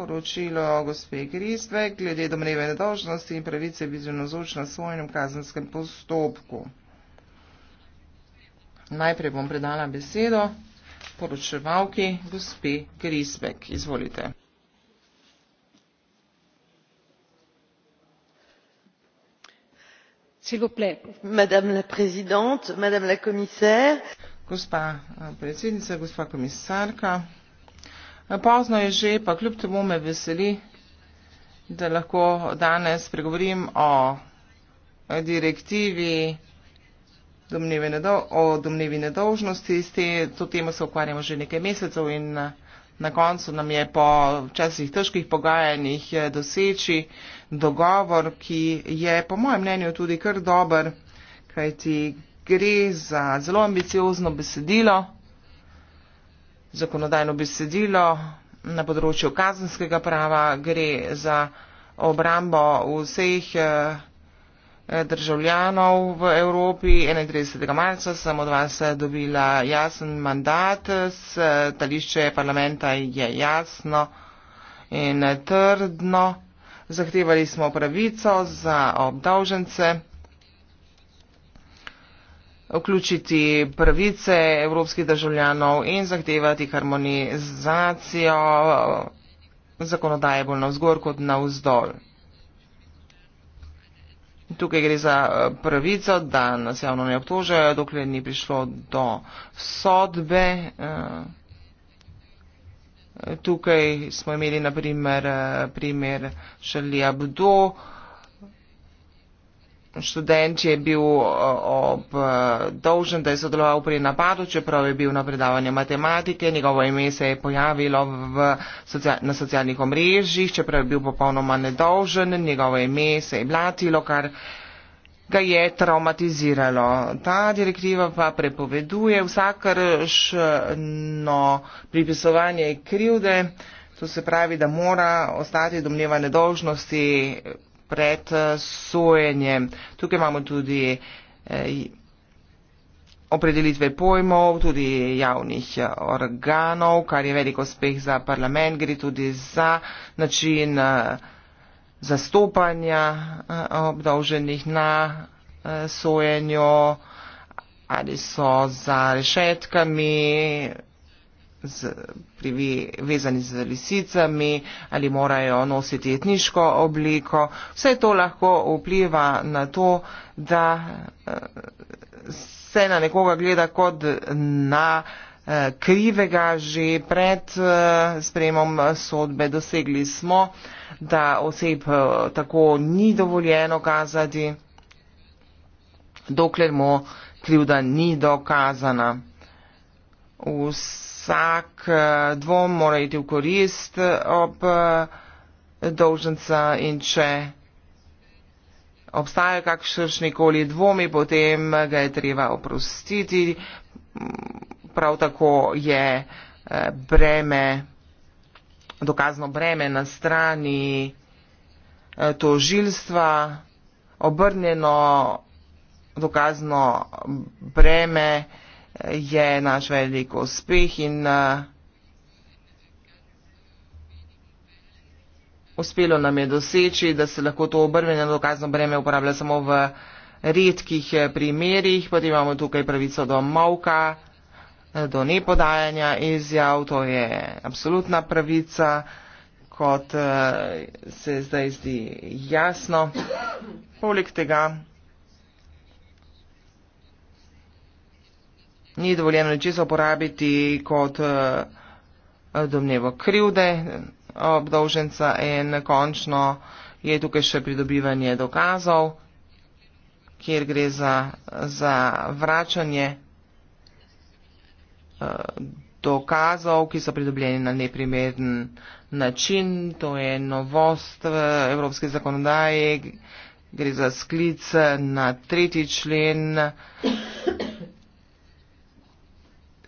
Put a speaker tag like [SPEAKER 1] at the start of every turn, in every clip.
[SPEAKER 1] poročilo gospe Kristve glede domneve nedožnosti in pravice bizu nazoč na svojnem kazenskem postopku. Najprej bom predala besedo poročevalki gospe Grisbek. Izvolite. Madame la présidente, madame la commissaire. Gospa eh, predsednica, gospa komisarka. Pozno je že, pa kljub temu me veseli, da lahko danes pregovorim o direktivi o domnevi nedolžnosti. S te, to temo se ukvarjamo že nekaj mesecev in na koncu nam je po včasih težkih pogajanjih eh, doseči dogovor, ki je po mojem mnenju tudi kar dober, kajti gre za zelo ambiciozno besedilo zakonodajno besedilo na področju kazenskega prava, gre za obrambo vseh eh, državljanov v Evropi. 31. marca sem od vas dobila jasen mandat, stališče parlamenta je jasno in trdno. Zahtevali smo pravico za obdolžence vključiti pravice evropskih državljanov in zahtevati harmonizacijo zakonodaje bolj navzgor kot navzdol. Tukaj gre za eh, pravico, da nas javno ne obtožajo, dokler ni prišlo do sodbe. Eh. Tukaj smo imeli naprimer primer eh, Šali Abdo, študent je bil obdolžen, e, da je sodeloval pri napadu, čeprav je bil na predavanju matematike, njegovo ime se je pojavilo v, na socialnih omrežjih, čeprav je bil popolnoma nedolžen, njegovo ime se je blatilo, kar ga je traumatiziralo. Ta direktiva pa prepoveduje vsakršno pripisovanje krivde, to se pravi, da mora ostati domneva nedolžnosti pred eh, sojenjem. Tukaj imamo tudi eh, opredelitve pojmov, tudi javnih eh, organov, kar je velik uspeh za parlament, gre tudi za način zastopanja obdolženih na sojenju ali so za rešetkami z, privi, vezani z lisicami ali morajo nositi etniško obliko. Vse to lahko vpliva na to, da eh, se na nekoga gleda kot na eh, krivega že pred eh, sprejemom sodbe. Dosegli smo, da oseb tako ni dovoljeno kazati, dokler mu krivda ni dokazana. Vse vsak eh, dvom mora iti v korist ob eh, dolžnica in če obstajajo kakšni koli dvomi, potem ga je treba oprostiti. Prav tako je eh, breme, dokazno breme na strani tožilstva obrnjeno dokazno breme je naš velik uspeh in eh, uspelo nam je doseči, da se lahko to obrvene dokazno breme uporablja samo v redkih eh, primerjih, potem imamo tukaj pravico do mavka, eh, do nepodajanja izjav, to je absolutna pravica, kot se zdaj zdi jasno. Poleg tega ni dovoljeno ničesar uporabiti kot eh, domnevo krivde obdolženca in končno je tukaj še pridobivanje dokazov, kjer gre za, za vračanje eh, dokazov, ki so pridobljeni na neprimeren način. To je novost v eh, evropski zakonodaji. Gre za sklic na tretji člen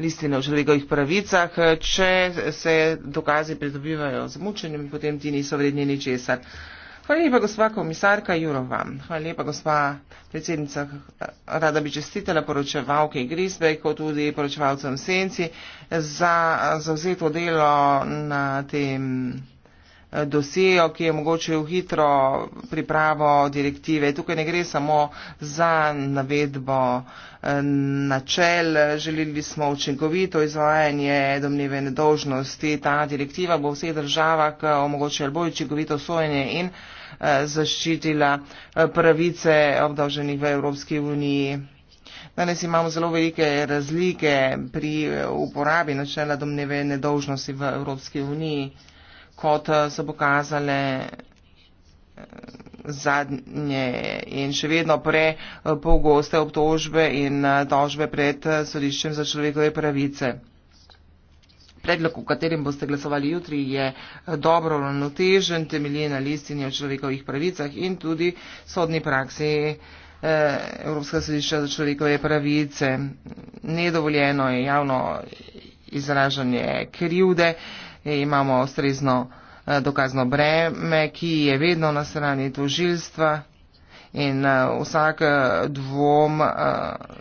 [SPEAKER 1] listine o človekovih pravicah, če se dokazi pridobivajo z mučenjem, potem ti niso vredni ničesar. Hvala lepa, gospa komisarka Jurova. Hvala lepa, gospa predsednica. Rada bi čestitela poročevalke Grisbe, kot tudi poročevalcem Senci, za zauzeto delo na tem dosejo, ki je mogoče v hitro pripravo direktive. Tukaj ne gre samo za navedbo eh, načel, želeli smo učinkovito izvajanje domneve nedožnosti. Ta direktiva bo v vseh državah eh, omogočila bolj učinkovito sojenje in eh, zaščitila pravice obdolženih v Evropski uniji. Danes imamo zelo velike razlike pri uporabi načela domneve nedožnosti v Evropski uniji kot eh, se bo kazale eh, zadnje in še vedno pre pogoste obtožbe in eh, tožbe pred sodiščem za človekove pravice. Predlog, v katerem boste glasovali jutri, je dobro ravnotežen, temelji na listini o človekovih pravicah in tudi sodni praksi Evropska sodišča za človekove pravice. Nedovoljeno je javno izražanje krivde imamo ustrezno eh, dokazno breme, ki je vedno na strani tožilstva in eh, vsak eh, dvom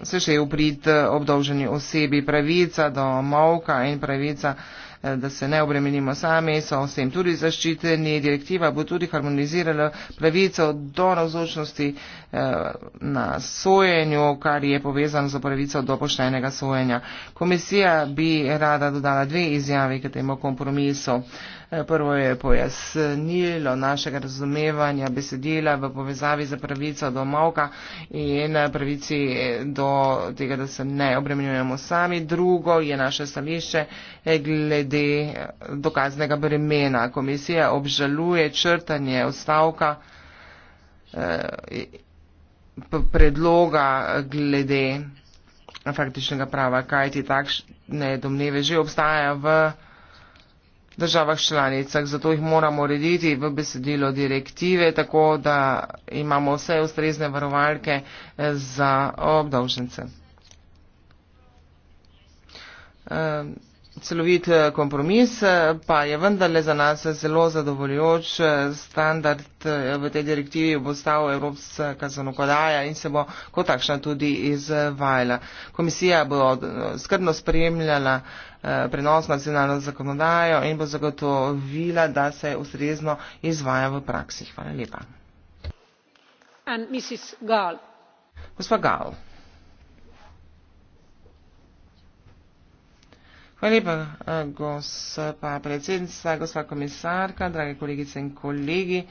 [SPEAKER 1] se še uprit obdolženi osebi pravica do molka in pravica Eh, da se ne obremenimo sami, so s tem tudi zaščiteni. Direktiva bo tudi harmonizirala pravico do navzočnosti eh, na sojenju, kar je povezano z pravico do poštenega sojenja. Komisija bi rada dodala dve izjavi k temu kompromisu. Eh, prvo je pojasnilo našega razumevanja besedila v povezavi za pravico do malka in pravici do tega, da se ne obremenjujemo sami. Drugo je naše stališče glede glede dokaznega bremena. Komisija obžaluje črtanje ostavka eh, predloga glede faktičnega prava, kajti takšne domneve že obstaja v državah članicah, zato jih moramo urediti v besedilo direktive, tako da imamo vse ustrezne varovalke eh, za obdolžence. Um, celovit eh, kompromis, eh, pa je vendarle za nas zelo zadovoljujoč eh, standard v tej direktivi bo stal Evropska zanokodaja in se bo kot takšna tudi izvajala. Komisija bo skrbno spremljala prenos nacionalno zakonodajo in bo zagotovila, da se ustrezno izvaja v praksi. Hvala lepa. Gospa Gal. Hvala lepa, gospa predsednica, gospa komisarka, drage kolegice in kolegi.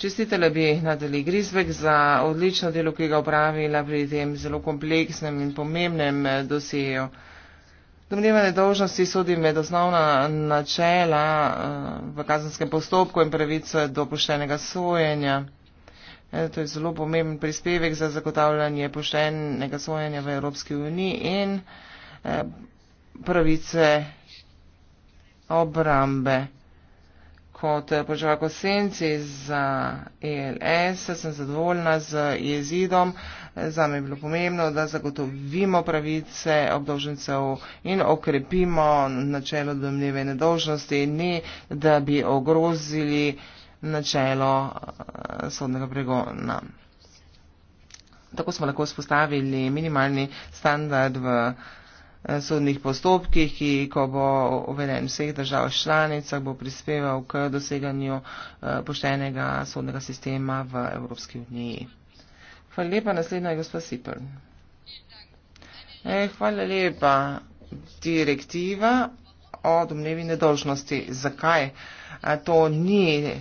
[SPEAKER 1] Čestitele bi Nadali Grisbek za odlično delo, ki ga upravila pri tem zelo kompleksnem in pomembnem eh, dosijeju. Domnevanje dožnosti sodi med osnovna načela eh, v kazenskem postopku in pravice do poštenega sojenja. Eh, to je zelo pomemben prispevek za zagotavljanje poštenega sojenja v Evropski uniji in pravice obrambe. Kot eh, poželjko senci za ELS sem zadovoljna z jezidom. Za me je bilo pomembno, da zagotovimo pravice obdolžencev in okrepimo načelo domneve nedolžnosti, ne da bi ogrozili načelo eh, sodnega pregona. Tako smo lahko spostavili minimalni standard v. Eh, sodnih postopkih, ki, ko bo uveden vseh držav članicah, bo prispeval k doseganju eh, poštenega sodnega sistema v Evropski uniji. Hvala lepa, naslednja je gospa Sipr. E, eh, hvala lepa. Direktiva o domnevi nedolžnosti. Zakaj? To ni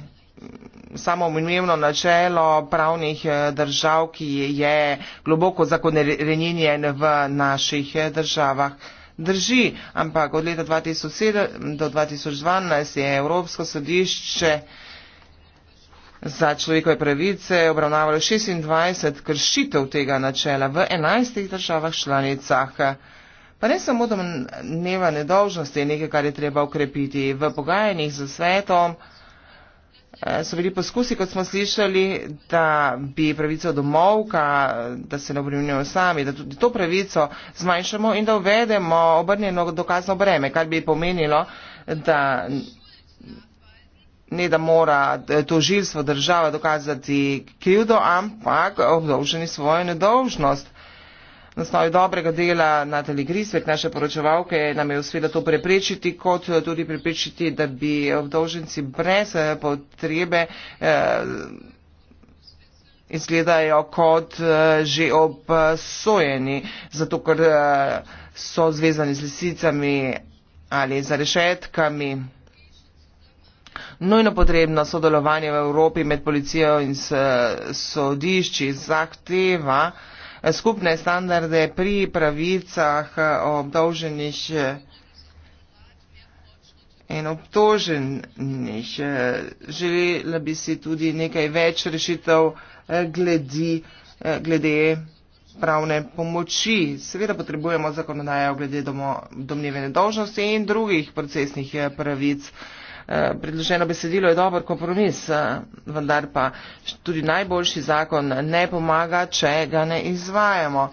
[SPEAKER 1] samoumevno načelo pravnih eh, držav, ki je globoko zakonerenjen v naših eh, državah. Drži, ampak od leta 2007 do 2012 je Evropsko sodišče za človekove pravice obravnavalo 26 kršitev tega načela v 11 državah članicah. Pa ne samo domneva nedolžnosti, nekaj, kar je treba ukrepiti v pogajanjih z svetom. Eh, so bili poskusi, kot smo slišali, da bi pravico domovka, da se ne obremenjujemo sami, da tudi to pravico zmanjšamo in da uvedemo obrnjeno dokazno breme, kar bi pomenilo, da ne da mora eh, tožilstvo država dokazati krivdo, ampak obdolženi svojo nedolžnost na osnovi dobrega dela Natalie Grisvek, naše poročevalke, nam je uspelo to preprečiti, kot eh, tudi preprečiti, da bi obdolženci brez eh, potrebe eh, izgledajo kot eh, že obsojeni, zato ker eh, so zvezani z lisicami ali z rešetkami. Nujno potrebno sodelovanje v Evropi med policijo in eh, sodišči zahteva, eh, skupne standarde pri pravicah eh, obdolženih eh, in obtoženih. Eh, želela bi si tudi nekaj več rešitev glede, glede pravne pomoči. Seveda potrebujemo zakonodajo glede domnevene dolžnosti in drugih procesnih pravic. Eh, predloženo besedilo je dober kompromis, eh, vendar pa tudi najboljši zakon ne pomaga, če ga ne izvajamo.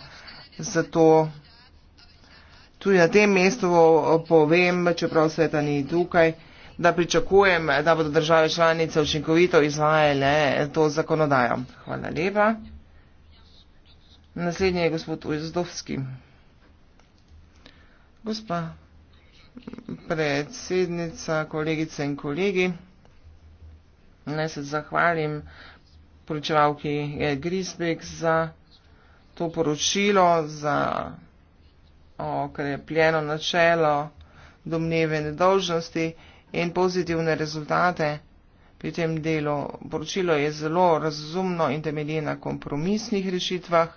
[SPEAKER 1] Zato tudi na tem mestu povem, čeprav sveta ni tukaj, da pričakujem, da bodo države članice učinkovito izvajale to zakonodajo. Hvala lepa. Naslednji je gospod Ujzdovski. Gospa predsednica, kolegice in kolegi. Naj se zahvalim poročevalki Grisbek za to poročilo, za okrepljeno načelo domneve nedolžnosti in pozitivne rezultate pri tem delu. Poročilo je zelo razumno in temelje na kompromisnih rešitvah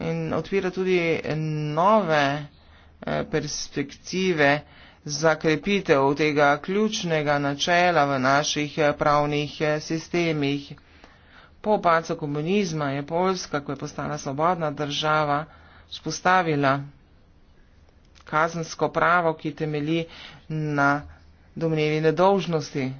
[SPEAKER 1] in odpira tudi nove rešitve Eh, perspektive za krepitev tega ključnega načela v naših eh, pravnih eh, sistemih. Po opacu komunizma je Poljska, ko je postala svobodna država, spostavila kazensko pravo, ki temeli na domnevi nedolžnosti.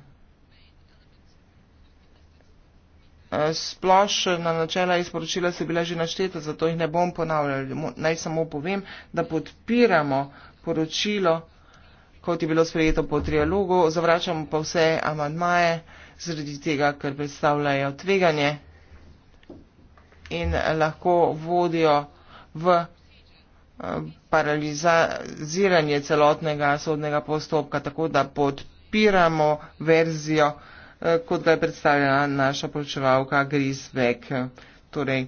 [SPEAKER 1] Splošna načela izporočila so bila že našteta, zato jih ne bom ponavljal. Naj samo povem, da podpiramo poročilo, kot je bilo sprejeto po trialogu, zavračamo pa vse amadmaje zredi tega, ker predstavljajo tveganje in lahko vodijo v eh, paraliziranje celotnega sodnega postopka, tako da podpiramo verzijo. Eh, kot ga je predstavljala naša poročevalka Gris Vek, torej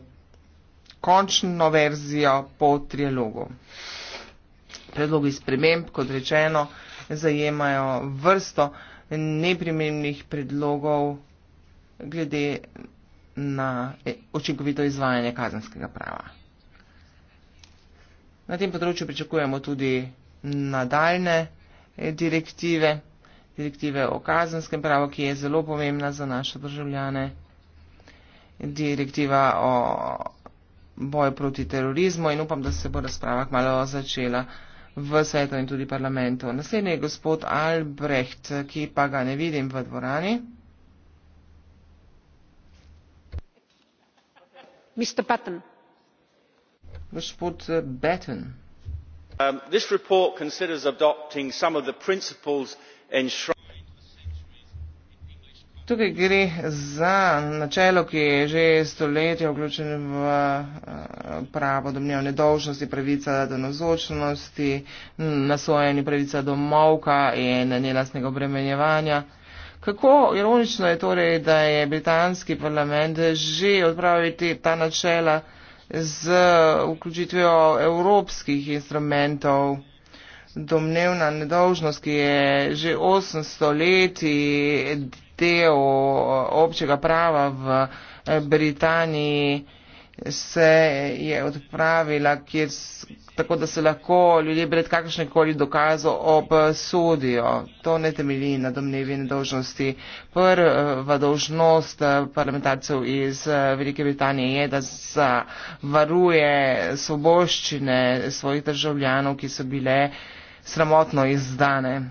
[SPEAKER 1] končno verzijo po trialogu. Predlogi sprememb, kot rečeno, zajemajo vrsto neprimernih predlogov glede na očinkovito eh, izvajanje kazenskega prava. Na tem področju pričakujemo tudi nadaljne eh, direktive direktive o kazenskem pravu, ki je zelo pomembna za naše državljane, direktiva o boju proti terorizmu in upam, da se bo razprava malo začela v svetu in tudi parlamentu. Naslednji je gospod Albrecht, ki pa ga ne vidim v dvorani. Mr. Patton. Gospod Batten.
[SPEAKER 2] Um, this report considers adopting some of the principles
[SPEAKER 1] Tukaj gre za načelo, ki je že stoletja vključeno v eh, pravo domnev nedolžnosti, pravica do nazočnosti, nasojeni pravica do molka in nelastnega obremenjevanja. Kako ironično je torej, da je britanski parlament že odpravil ta načela z vključitvijo evropskih instrumentov domnevna nedolžnost, ki je že 800 leti del občega prava v eh, Britaniji, se je odpravila, kjer, tako da se lahko ljudje brez kakršnekoli dokazo obsodijo. To ne temelji na domnevi nedolžnosti. Prva dolžnost eh, parlamentarcev iz eh, Velike Britanije je, da zavaruje svoboščine svojih državljanov, ki so bile uh, sramotno izdane.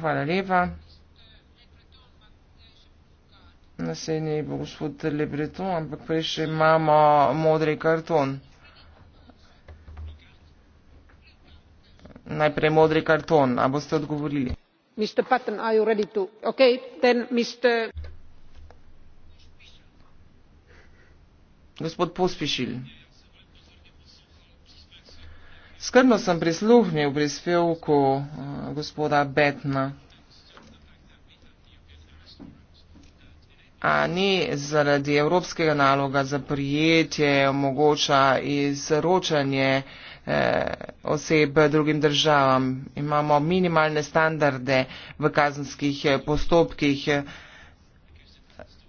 [SPEAKER 1] Hvala lepa. Naslednji bo gospod Lebreton, ampak prej še imamo modri karton. Najprej modri karton, a boste odgovorili? Mr. Patton,
[SPEAKER 2] are you ready to? Ok, then Mr.
[SPEAKER 1] Gospod Pospišil. Skrbno sem prisluhnil prispevku eh, gospoda Betna. A ni zaradi evropskega naloga za prijetje omogoča izročanje eh, oseb drugim državam. Imamo minimalne standarde v kazenskih postopkih. Eh,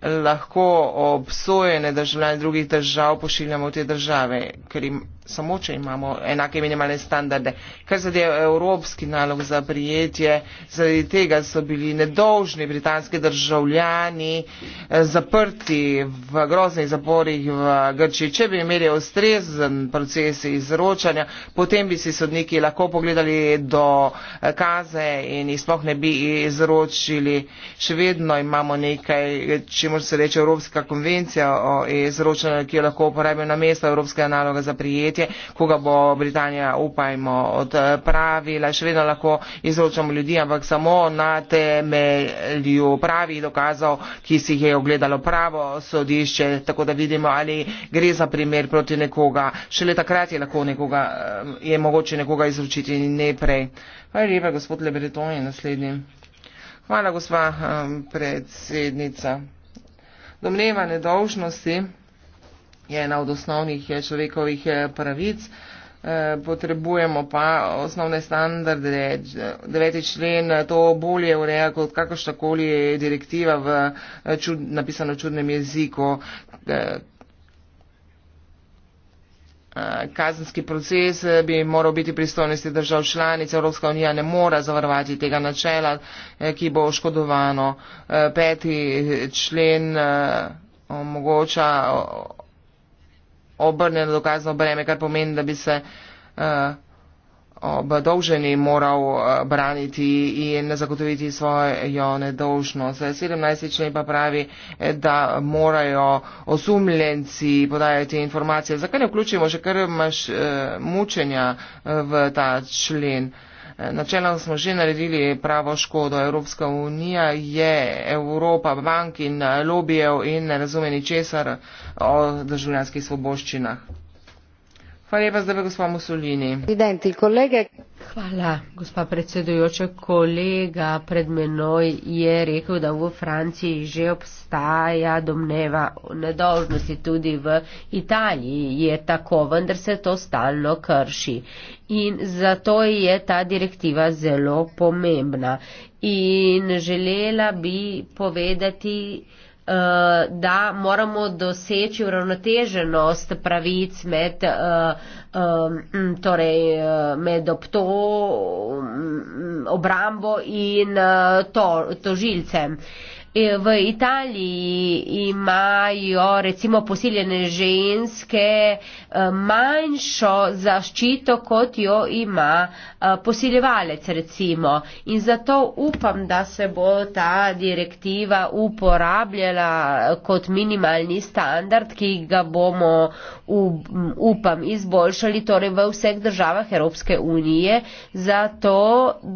[SPEAKER 1] lahko obsojene državljane drugih držav pošiljamo v te države, ker im, samo če imamo enake minimalne standarde. Kar zadeva evropski nalog za prijetje, zaradi tega so bili nedolžni britanski državljani eh, zaprti v groznih zaporih v Grčiji. Če bi imeli ustrezen proces izročanja, potem bi si sodniki lahko pogledali do eh, kaze in jih sploh ne bi izročili. Še vedno imamo nekaj, če čemu se reče Evropska konvencija o izročanju, ki jo lahko uporabijo na mesto Evropskega naloga za prijetje, ko ga bo Britanija, upajmo, odpravila. Še vedno lahko izročamo ljudi, ampak samo na temelju pravih dokazov, ki si jih je ogledalo pravo sodišče, tako da vidimo, ali gre za primer proti nekoga. Šele takrat je, nekoga, je mogoče nekoga izročiti in ne prej. Hvala lepa, gospod Lebreton je naslednji. Hvala, gospa um, predsednica. Domneva nedolžnosti je ena od osnovnih eh, človekovih eh, pravic. Eh, potrebujemo pa osnovne standarde. Deveti člen to bolje ureja kot kakršna koli direktiva v čud, napisano čudnem jeziku. Eh, kazenski proces eh, bi moral biti pristojnosti držav članic. Evropska unija ne more zavarovati tega načela, eh, ki bo oškodovano. Peti člen omogoča obrnjeno dokazno breme, kar pomeni, da bi se ob dolženi moral eh, braniti in zagotoviti svojo nedolžnost. 17. člen pa pravi, eh, da morajo osumljenci podajati informacije. Zakaj ne vključimo že kar imaš eh, mučenja v ta člen? Načelno smo že naredili pravo škodo. Evropska unija je Evropa bank in lobijev in ne razume ničesar o državljanskih svoboščinah.
[SPEAKER 2] Hvala, gospa predsedujoča. Kolega pred menoj je rekel, da v Franciji že obstaja domneva nedožnosti, tudi v Italiji je tako, vendar se to stalno krši. In zato je ta direktiva zelo pomembna. In želela bi povedati, Eh, da moramo doseči uravnoteženost pravic med, eh, torej, eh, med opto, obrambo in to, tožilcem. E, v Italiji imajo recimo posiljene ženske e, manjšo zaščito, kot jo ima e, posiljevalec recimo. In zato upam, da se bo ta direktiva uporabljala kot minimalni standard, ki ga bomo um, upam izboljšali torej v vseh državah Evropske unije, zato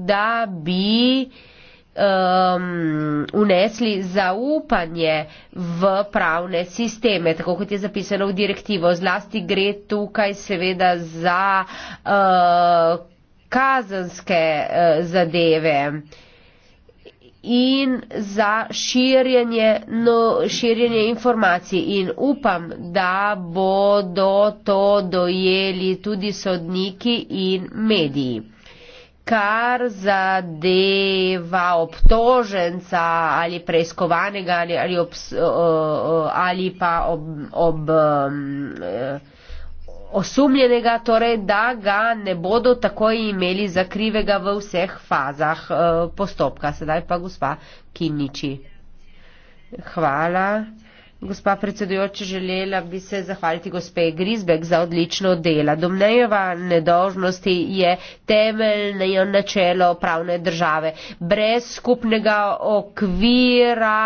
[SPEAKER 2] da bi um, unesli zaupanje v pravne sisteme, tako kot je zapisano v direktivo. Zlasti gre tukaj seveda za uh, kazanske uh, zadeve in za širjenje, no, širjenje informacij. In upam, da bodo to dojeli tudi sodniki in mediji kar zadeva obtoženca ali preiskovanega ali, ali, ob, ali pa ob, ob, um, eh, osumljenega, torej da ga ne bodo tako imeli za krivega v vseh fazah eh, postopka. Sedaj pa gospa Kimniči. Hvala. Gospa predsedujoča, želela bi se zahvaliti gospe Grizbek za odlično delo. Domnejeva nedožnosti je temeljno načelo pravne države. Brez skupnega okvira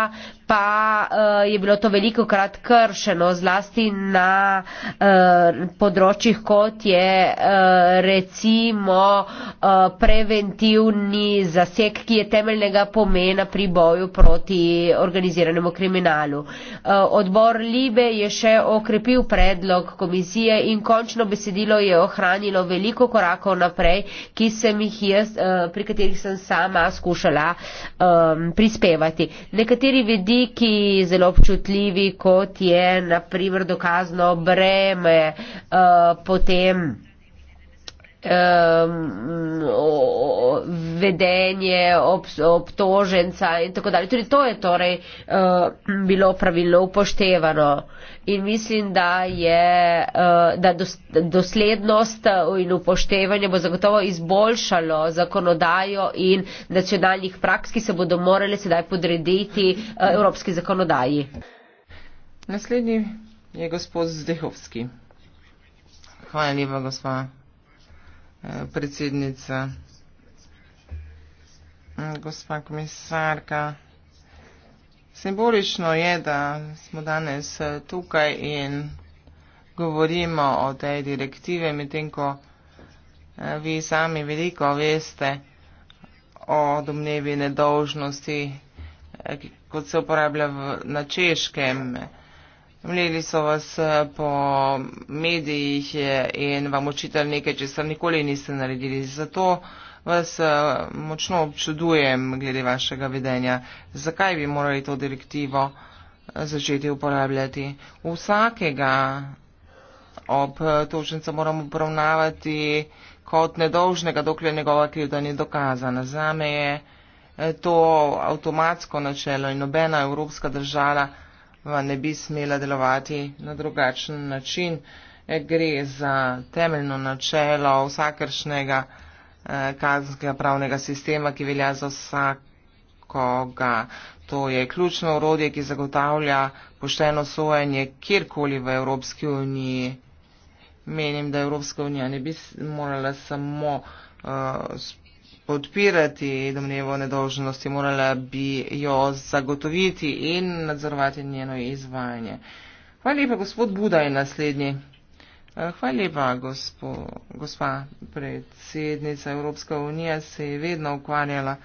[SPEAKER 2] pa uh, je bilo to veliko krat kršeno, zlasti na uh, področjih, kot je uh, recimo uh, preventivni zasek, ki je temeljnega pomena pri boju proti organiziranemu kriminalu. Uh, odbor Libe je še okrepil predlog komisije in končno besedilo je ohranilo veliko korakov naprej, jaz, uh, pri katerih sem sama skušala um, prispevati. Nekateri vedi, veliki, zelo občutljivi, kot je naprimer dokazno breme, uh, potem vedenje ob, obtoženca in tako dalje. Tudi to je torej uh, bilo pravilno upoštevano in mislim, da je uh, da dos, doslednost in upoštevanje bo zagotovo izboljšalo zakonodajo in nacionalnih praks, ki se bodo morali sedaj podrediti uh, evropski zakonodaji.
[SPEAKER 1] Naslednji je gospod Zdehovski. Hvala lepa, gospod predsednica, gospa komisarka. Simbolično je, da smo danes eh, tukaj in govorimo o tej direktive, medtem ko eh, vi sami veliko veste o domnevi nedolžnosti, eh, kot se uporablja v, na češkem. Mleli so vas eh, po medijih eh, in vam očitali nekaj, česar nikoli niste naredili. Zato vas eh, močno občudujem glede vašega vedenja. Zakaj bi morali to direktivo začeti uporabljati? Vsakega ob tožnica moramo obravnavati kot nedolžnega, dokler njegova krivda ni dokazana. Zame je to avtomatsko načelo in nobena evropska država va ne bi smela delovati na drugačen način. E, gre za temeljno načelo vsakršnega eh, kazenskega pravnega sistema, ki velja za vsakoga. To je ključno urodje, ki zagotavlja pošteno sojenje kjerkoli v Evropski uniji. Menim, da Evropska unija ne bi morala samo eh, podpirati domnevo nedolžnosti, morala bi jo zagotoviti in nadzorovati njeno izvajanje. Hvala lepa, gospod Buda je naslednji. Eh, hvala lepa, gospo, gospa predsednica Evropske unije se je vedno ukvarjala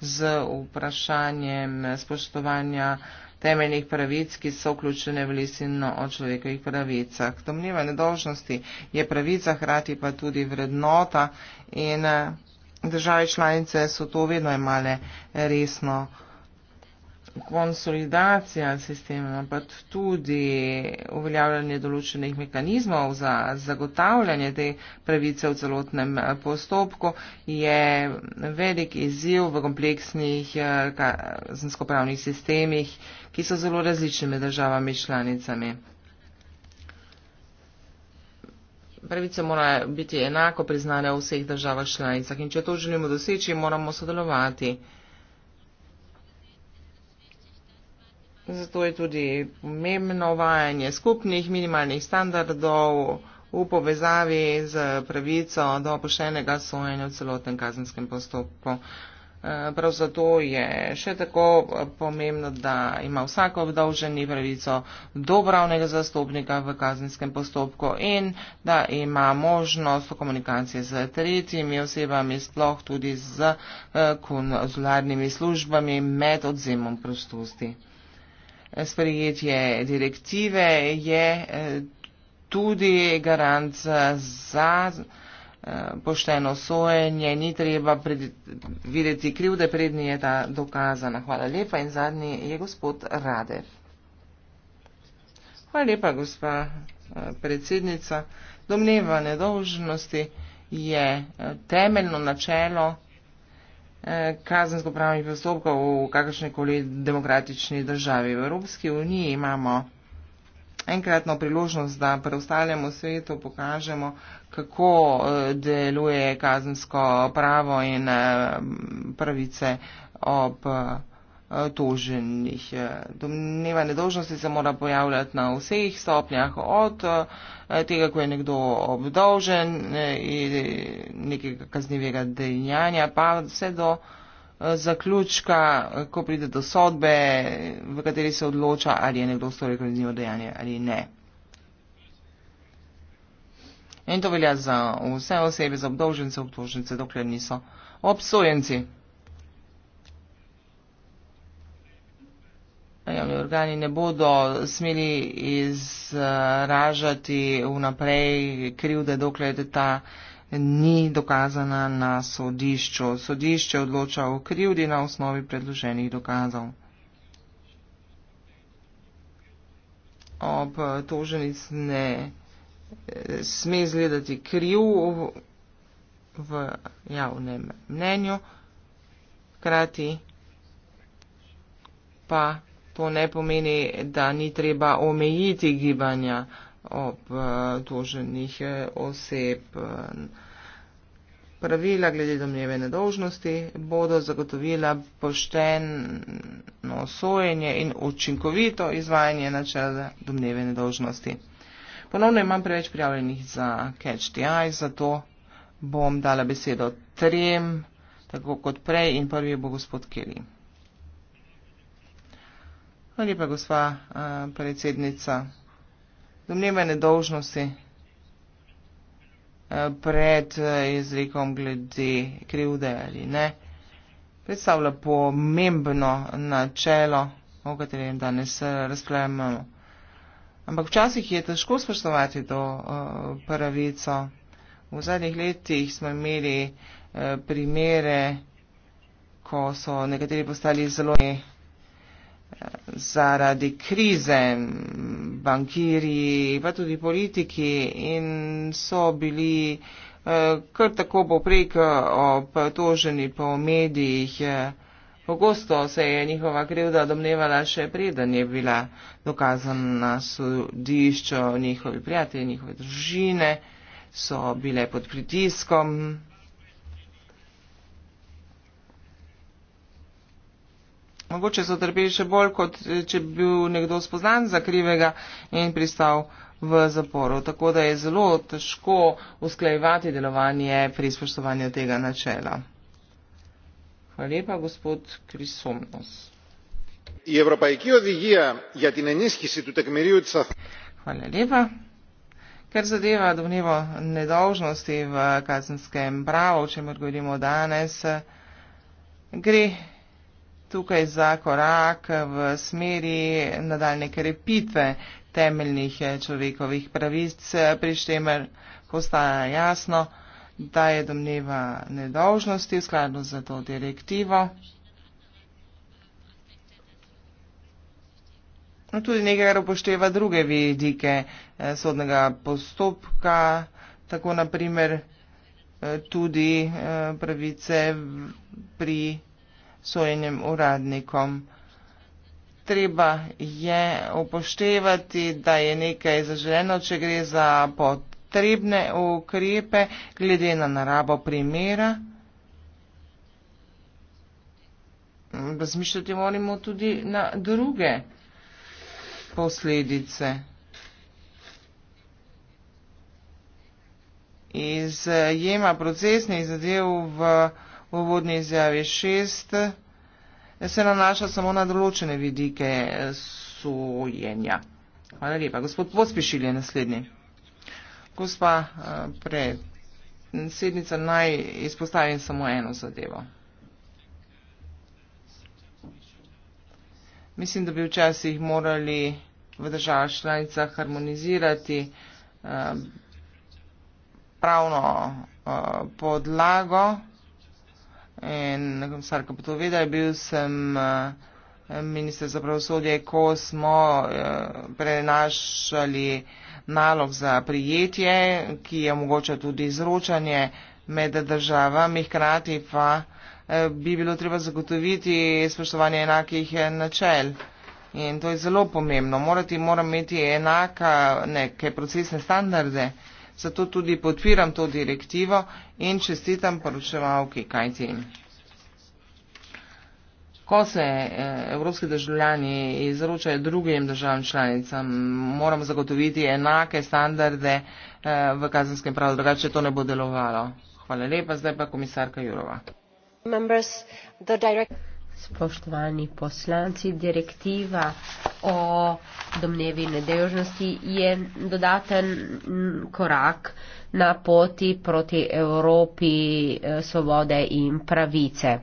[SPEAKER 1] z vprašanjem spoštovanja temeljnih pravic, ki so vključene v listino o človekovih pravicah. Domneva nedolžnosti je pravica, hrati pa tudi vrednota in eh, države članice so to vedno imale resno. Konsolidacija sistema, pa tudi uveljavljanje določenih mekanizmov za zagotavljanje te pravice v celotnem eh, postopku je velik izziv v kompleksnih eh, kazenskopravnih sistemih, ki so zelo različni med državami članicami pravice morajo biti enako priznane v vseh državah članicah in če to želimo doseči, moramo sodelovati. Zato je tudi pomembno uvajanje skupnih minimalnih standardov v povezavi z pravico do poštenega sojenja v celotnem kazenskem postopku. Prav zato je še tako pomembno, da ima vsako obdolženi pravico do pravnega zastopnika v kazenskem postopku in da ima možnost komunikacije z tretjimi osebami, sploh tudi z eh, konzularnimi službami med odzemom prostosti. Sprejetje direktive je eh, tudi garant za pošteno sojenje, ni treba pred, videti krivde, prednji je ta dokazana. Hvala lepa in zadnji je gospod Rade. Hvala lepa, gospa eh, predsednica. Domneva nedolžnosti je eh, temeljno načelo eh, kazensko-pravnih postopkov v kakršnekoli demokratični državi. V Evropski uniji imamo enkratno priložnost, da preostalemu svetu pokažemo, kako eh, deluje kazensko pravo in eh, pravice ob eh, toženih. Domneva nedožnosti se mora pojavljati na vseh stopnjah od tega, ko je nekdo obdolžen in nekega kaznivega dejanja, pa vse do zaključka, ko pride do sodbe, v kateri se odloča, ali je nekdo storil kaznivo dejanje ali ne. In to velja za vse osebe, za obdolžence, obtožence, dokler niso obsojenci. Javni organi ne bodo smeli izražati vnaprej krivde, dokler ta uh, ni dokazana na sodišču. Sodišče odloča o krivdi na osnovi predloženih dokazov. Ob toženic ne eh, sme izgledati kriv v javnem mnenju, krati pa to ne pomeni, da ni treba omejiti gibanja ob toženih eh, oseb. Pravila glede domnjeve nedolžnosti bodo zagotovila pošteno no, sojenje in učinkovito izvajanje načela domnjeve nedolžnosti. Ponovno imam preveč prijavljenih za CatchTI, zato bom dala besedo trem, tako kot prej in prvi bo gospod Kelly. Hvala lepa, gospa eh, predsednica domneve nedolžnosti eh, pred eh, izrekom glede krivde ali ne, predstavlja pomembno načelo, o katerem danes eh, razpravljamo. Ampak včasih je težko spoštovati to pravico. V zadnjih letih smo imeli primere, ko so nekateri postali zelo neki zaradi krize bankirji, pa tudi politiki in so bili eh, kar tako poprek obtoženi po medijih. Pogosto se je njihova krivda domnevala še preden je bila dokazana na sodišču njihovi prijatelji, njihove družine so bile pod pritiskom. Mogoče so trpeli še bolj, kot eh, če bi bil nekdo spoznan za krivega in pristal v zaporu. Tako da je zelo težko usklajevati delovanje pri spoštovanju tega načela. Hvala lepa, gospod Krisomnos. Hvala lepa. Ker zadeva domnevo nedolžnosti v kazenskem pravu, o čemer govorimo danes, gre tukaj za korak v smeri nadaljne krepitve temeljnih eh, človekovih pravic, eh, pri čemer postaja jasno, da je domneva nedolžnosti v skladu z to direktivo. No, tudi nekaj, kar upošteva druge vidike eh, sodnega postopka, tako naprimer tudi pravice pri sojenim uradnikom. Treba je upoštevati, da je nekaj zaželeno, če gre za potrebne ukrepe, glede na narabo primera. Razmišljati moramo tudi na druge posledice. Izjema procesnih zadev v v uvodni izjavi šest, se nanaša samo na določene vidike sojenja. Hvala lepa. Gospod Pospišil je naslednji. Gospa eh, predsednica, naj izpostavim samo eno zadevo. Mislim, da bi včasih morali v državah članicah harmonizirati eh, pravno eh, podlago, In komisar, ko poveda, je bil sem eh, minister za pravosodje, ko smo eh, prenašali nalog za prijetje, ki je mogoče tudi izročanje med državami, hkrati pa eh, bi bilo treba zagotoviti spoštovanje enakih načel. In to je zelo pomembno. Morati moram imeti enaka neke procesne standarde zato tudi podpiram to direktivo in čestitam poročevalki, kaj ti. Ko se eh, evropski državljani izročajo drugim državam članicam, moramo zagotoviti enake standarde eh, v kazenskem pravu, drugače to ne bo delovalo. Hvala lepa, zdaj pa komisarka Jurova.
[SPEAKER 2] Members, the direct spoštovani poslanci, direktiva o domnevi nedeležnosti je dodaten korak na poti proti Evropi eh, svobode in pravice.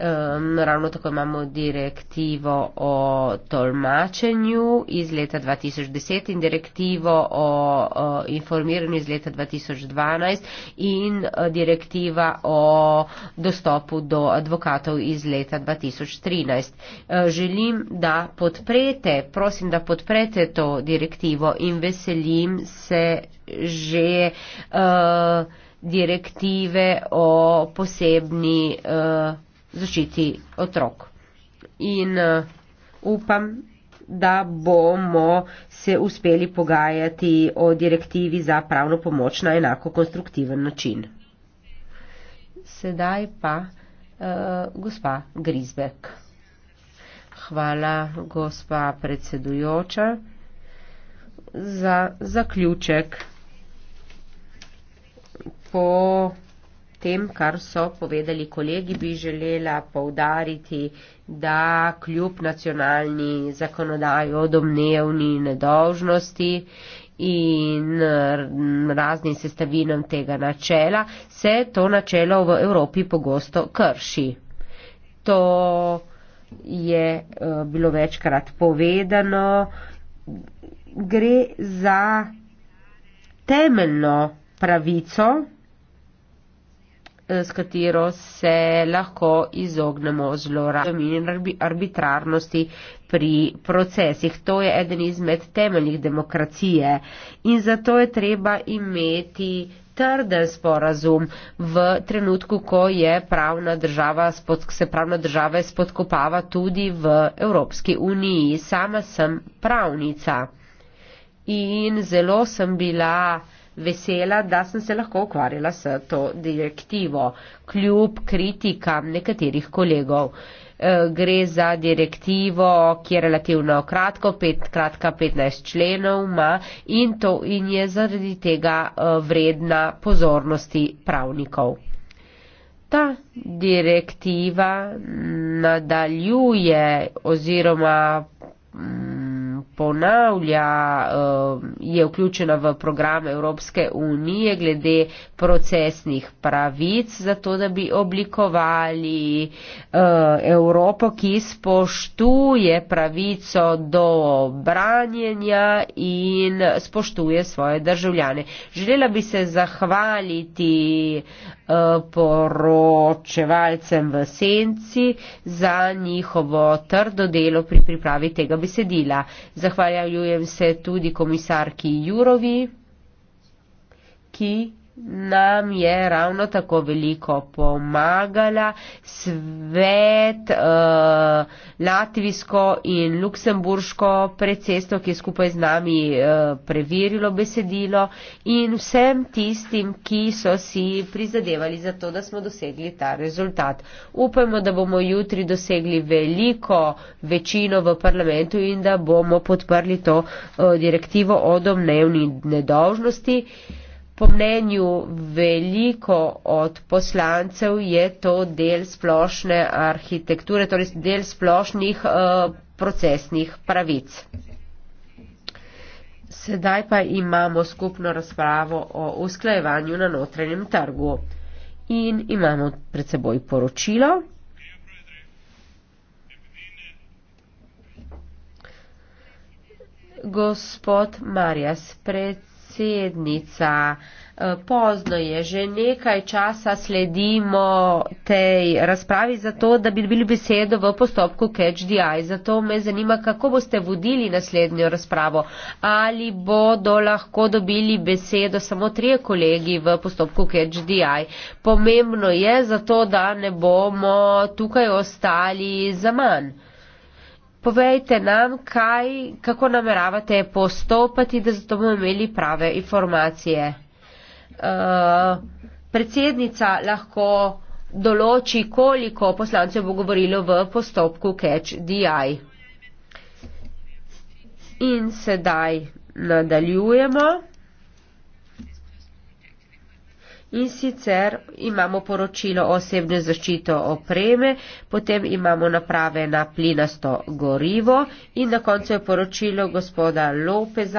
[SPEAKER 2] Um, ravno tako imamo direktivo o tolmačenju iz leta 2010 in direktivo o, o informiranju iz leta 2012 in eh, direktiva o dostopu do advokatov iz leta 2013. Uh, eh, želim, da podprete, prosim, da podprete to direktivo in veselim se že. Uh, direktive o posebni uh, zaščiti otrok. In eh, upam, da bomo se uspeli pogajati o direktivi za pravno pomoč na enako konstruktiven način. Sedaj pa uh, gospa Grizbek. Hvala, gospa predsedujoča, za zaključek. Po tem, kar so povedali kolegi, bi želela povdariti, da kljub nacionalni zakonodaji o domnevni nedolžnosti in mm, raznim sestavinam tega načela se to načelo v Evropi pogosto krši. To je eh, bilo večkrat povedano. Gre za temeljno pravico Eh, s katero se lahko izognemo zlorabam in arbitrarnosti pri procesih. To je eden izmed temeljnih demokracije in zato je treba imeti trden sporazum v trenutku, ko je pravna država, spod, se pravna država spodkopava tudi v Evropski uniji. Sama sem pravnica in zelo sem bila vesela, da sem se lahko ukvarjala s to direktivo, kljub kritikam nekaterih kolegov. E, gre za direktivo, ki je relativno kratko, pet, kratka 15 členov ima in, to, in je zaradi tega e, vredna pozornosti pravnikov. Ta direktiva nadaljuje oziroma m, ponavlja, um, je vključena v program Evropske unije glede procesnih pravic, zato da bi oblikovali uh, Evropo, ki spoštuje pravico do branjenja in spoštuje svoje državljane. Želela bi se zahvaliti uh, poročevalcem v senci za njihovo trdo delo pri pripravi tega besedila. Zahvaljujem se tudi komisarki Jurovi, ki nam je ravno tako veliko pomagala svet uh, latvijsko in luksemburško predsedstvo, ki je skupaj z nami uh, preverilo besedilo in vsem tistim, ki so si prizadevali za to, da smo dosegli ta rezultat. Upajmo, da bomo jutri dosegli veliko večino v parlamentu in da bomo podprli to uh, direktivo o domnevni nedolžnosti. Uh, Po mnenju veliko od poslancev je to del splošne arhitekture, torej del splošnih eh, procesnih pravic. Sedaj pa imamo skupno razpravo o usklajevanju na notranjem trgu in imamo pred seboj poročilo. Gospod Marjas, pred predsednica. E, pozno je, že nekaj časa sledimo tej razpravi za to, da bi bili besedo v postopku Catch the Eye. Zato me zanima, kako boste vodili naslednjo razpravo. Ali bodo lahko dobili besedo samo trije kolegi v postopku Catch the Eye. Pomembno je zato, da ne bomo tukaj ostali za manj. Povejte nam, kaj, kako nameravate postopati, da zato bomo imeli prave informacije. Uh, predsednica lahko določi, koliko poslancev bo govorilo v postopku Catch DI. In sedaj nadaljujemo. In sicer imamo poročilo o osebne zaščito opreme, potem imamo naprave na plinasto gorivo in na koncu je poročilo gospoda Lopeza.